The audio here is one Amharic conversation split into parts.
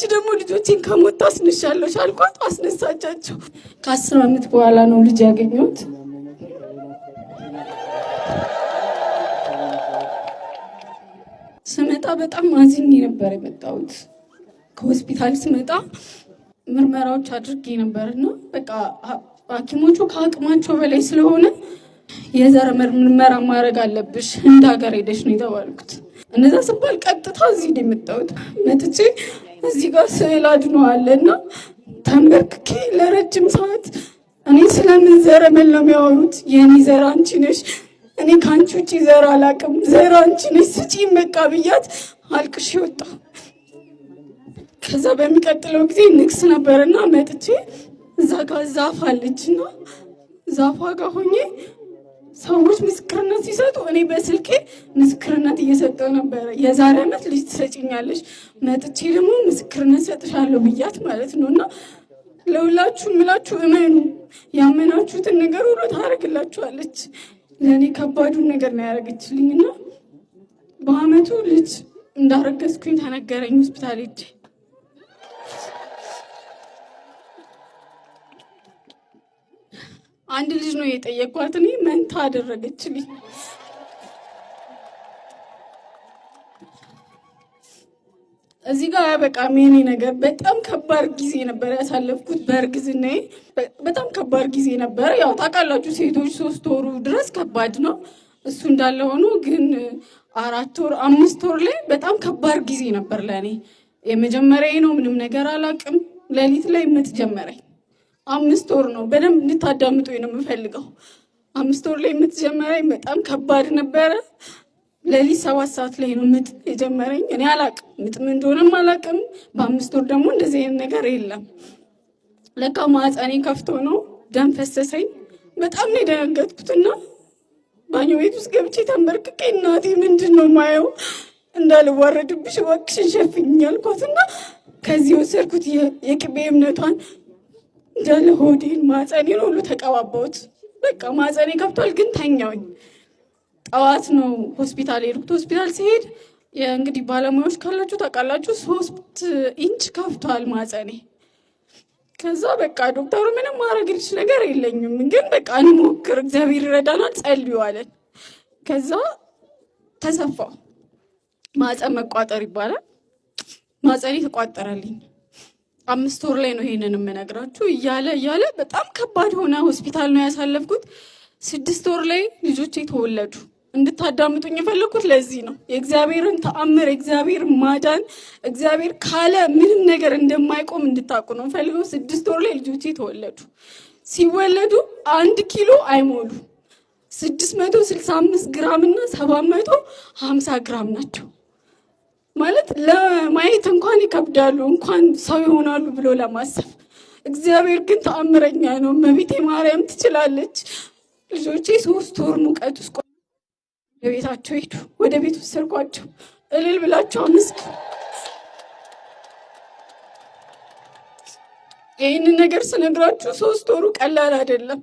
አንቺ ደግሞ ልጆቼን ከሞት ታስነሻለሽ አልኳት። አስነሳቻቸው። ከአስር ዓመት በኋላ ነው ልጅ ያገኘሁት። ስመጣ በጣም አዝኜ ነበር የመጣሁት። ከሆስፒታል ስመጣ ምርመራዎች አድርጌ ነበር እና በቃ ሐኪሞቹ ከአቅማቸው በላይ ስለሆነ የዘር ምርመራ ማድረግ አለብሽ እንደ ሀገር ሄደሽ ነው የተባልኩት። እነዛ ስባል ቀጥታ እዚህ ነው የመጣሁት መጥቼ እዚህ ጋር ስዕል አድኖዋል እና ተንበርክኬ ለረጅም ሰዓት እኔ ስለምን ዘረመን ነው የሚያወሩት? የእኔ ዘር አንቺ ነሽ፣ እኔ ከአንቺ ውጭ ዘር አላቅም ዘር አንቺ ነሽ ስጪኝ በቃ ብያት አልቅሽ ወጣ። ከዛ በሚቀጥለው ጊዜ ንግስ ነበርና መጥቼ እዛ ጋር ዛፍ አለችና ዛፏ ጋር ሆኜ ሰዎች ምስክርነት ሲሰጡ እኔ በስልኬ ምስክርነት እየሰጠው ነበረ። የዛሬ ዓመት ልጅ ትሰጭኛለች፣ መጥቼ ደግሞ ምስክርነት ሰጥሻለሁ ብያት ማለት ነው። እና ለሁላችሁ ምላችሁ እመኑ፣ ያመናችሁትን ነገር ሁሉ ታደርግላችኋለች። ለእኔ ከባዱን ነገር ነው ያደረገችልኝ። እና በአመቱ ልጅ እንዳረገዝኩኝ ተነገረኝ ሆስፒታል ሄጄ አንድ ልጅ ነው የጠየኳት። እኔ መንታ አደረገችልኝ። እዚህ ጋር በቃ የኔ ነገር በጣም ከባድ ጊዜ ነበር ያሳለፍኩት። በእርግዝና በጣም ከባድ ጊዜ ነበር። ያው ታውቃላችሁ ሴቶች ሶስት ወሩ ድረስ ከባድ ነው። እሱ እንዳለ ሆኖ ግን አራት ወር አምስት ወር ላይ በጣም ከባድ ጊዜ ነበር ለእኔ። የመጀመሪያ ነው። ምንም ነገር አላውቅም። ሌሊት ላይ የምትጀመረኝ። ጀመረኝ። አምስት ወር ነው። በደንብ እንድታዳምጡ ነው የምፈልገው። አምስት ወር ላይ የምትጀመረኝ በጣም ከባድ ነበረ። ለሊት ሰባት ሰዓት ላይ ነው ምጥ የጀመረኝ። እኔ አላቅም ምጥም እንደሆነም አላቅም። በአምስት ወር ደግሞ እንደዚህ አይነት ነገር የለም። ለካ ማህፀኔ ከፍቶ ነው ደም ፈሰሰኝ። በጣም ነው የደነገጥኩትና ባኞ ቤት ውስጥ ገብቼ ተንበርክቄ እናቴ ምንድን ነው ማየው እንዳልዋረድብሽ እባክሽን ሸፍኝ አልኳትና ከዚህ ወሰድኩት የቅቤ እምነቷን እያለ ሆዴን ማፀኔን ሁሉ ተቀባባሁት። በቃ ማፀኔ ከብቷል፣ ግን ተኛውኝ። ጠዋት ነው ሆስፒታል የሄድኩት። ሆስፒታል ሲሄድ እንግዲህ ባለሙያዎች ካላችሁ ታውቃላችሁ፣ ሶስት ኢንች ከፍቷል ማፀኔ። ከዛ በቃ ዶክተሩ ምንም ማረግልሽ ነገር የለኝም፣ ግን በቃ እንሞክር፣ እግዚአብሔር ይረዳናል፣ ጸልዩ አለን። ከዛ ተሰፋው ማፀን መቋጠር ይባላል። ማፀኔ ተቋጠረልኝ። አምስት ወር ላይ ነው ይሄንን የምነግራችሁ። እያለ እያለ በጣም ከባድ ሆነ። ሆስፒታል ነው ያሳለፍኩት። ስድስት ወር ላይ ልጆቼ ተወለዱ። እንድታዳምጡኝ የፈለግኩት ለዚህ ነው። የእግዚአብሔርን ተአምር፣ የእግዚአብሔር ማዳን፣ እግዚአብሔር ካለ ምንም ነገር እንደማይቆም እንድታውቁ ነው ፈልገው። ስድስት ወር ላይ ልጆቼ ተወለዱ። ሲወለዱ አንድ ኪሎ አይሞሉ አምስት ግራም እና ሀምሳ ግራም ናቸው። ማለት ለማየት እንኳን ይከብዳሉ፣ እንኳን ሰው ይሆናሉ ብሎ ለማሰብ። እግዚአብሔር ግን ተአምረኛ ነው። እመቤቴ ማርያም ትችላለች። ልጆቼ ሶስት ወር ሙቀት ውስጥ ወደ ቤታቸው ሄዱ። ወደ ቤት ውስጥ ወሰድኳቸው። እልል ብላቸው አመስግኑ። ይህንን ነገር ስነግራችሁ ሶስት ወሩ ቀላል አይደለም።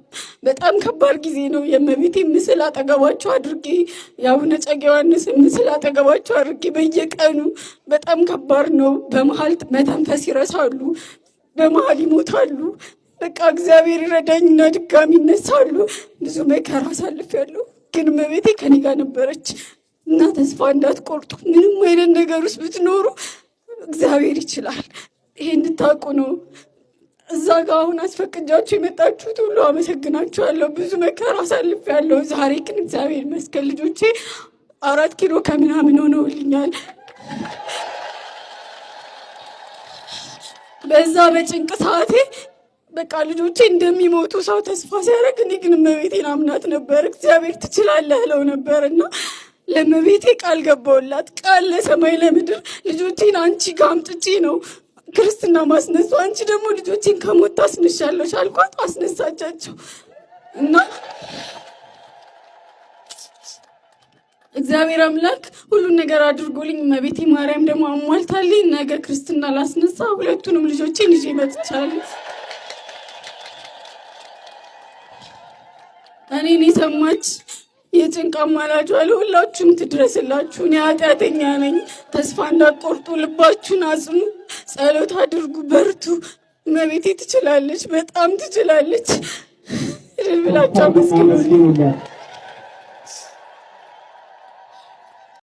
በጣም ከባድ ጊዜ ነው። የእመቤቴ ምስል አጠገባቸው አድርጌ የአቡነ ጸጌ ዮሐንስን ምስል አጠገባቸው አድርጌ በየቀኑ በጣም ከባድ ነው። በመሀል መተንፈስ ይረሳሉ፣ በመሀል ይሞታሉ። በቃ እግዚአብሔር ይረዳኝና ድጋሚ ይነሳሉ። ብዙ መከራ አሳልፌያለሁ፣ ግን እመቤቴ ከኔ ጋር ነበረች እና ተስፋ እንዳትቆርጡ ምንም አይነት ነገር ውስጥ ብትኖሩ እግዚአብሔር ይችላል። ይሄ እንድታውቁ ነው። እዛ ጋ አሁን አስፈቅጃችሁ የመጣችሁት ሁሉ አመሰግናችኋለሁ። ብዙ መከራ ያለው ዛሬ ግን እግዚአብሔር ይመስገን ልጆቼ አራት ኪሎ ከምናምን ሆነውልኛል። በዛ በጭንቅ ሰዓቴ በቃ ልጆቼ እንደሚሞቱ ሰው ተስፋ ሲያደርግ እኔ ግን እመቤቴን አምናት ነበር። እግዚአብሔር ትችላለህ እለው ነበር እና ለእመቤቴ ቃል ገባውላት ቃል ለሰማይ ለምድር ልጆቼን አንቺ ጋ አምጥቼ ነው ክርስትና ማስነሱ አንቺ ደግሞ ልጆቼን ከሞት ታስነሻለሽ አልኳት። አስነሳቻቸው እና እግዚአብሔር አምላክ ሁሉን ነገር አድርጎልኝ እመቤቴ ማርያም ደግሞ አሟልታልኝ። ነገ ክርስትና ላስነሳ ሁለቱንም ልጆቼን ይዤ መጥቻለሁ። እኔን የሰማች የጭንቅ አማላጇ ለሁላችሁም ትድረስላችሁ። እኔ ኃጢአተኛ ነኝ። ተስፋ እንዳትቆርጡ፣ ልባችሁን አጽኑ፣ ጸሎት አድርጉ፣ በርቱ። እመቤቴ ትችላለች፣ በጣም ትችላለች። እልል ብላችሁ አመስግኑልኝ።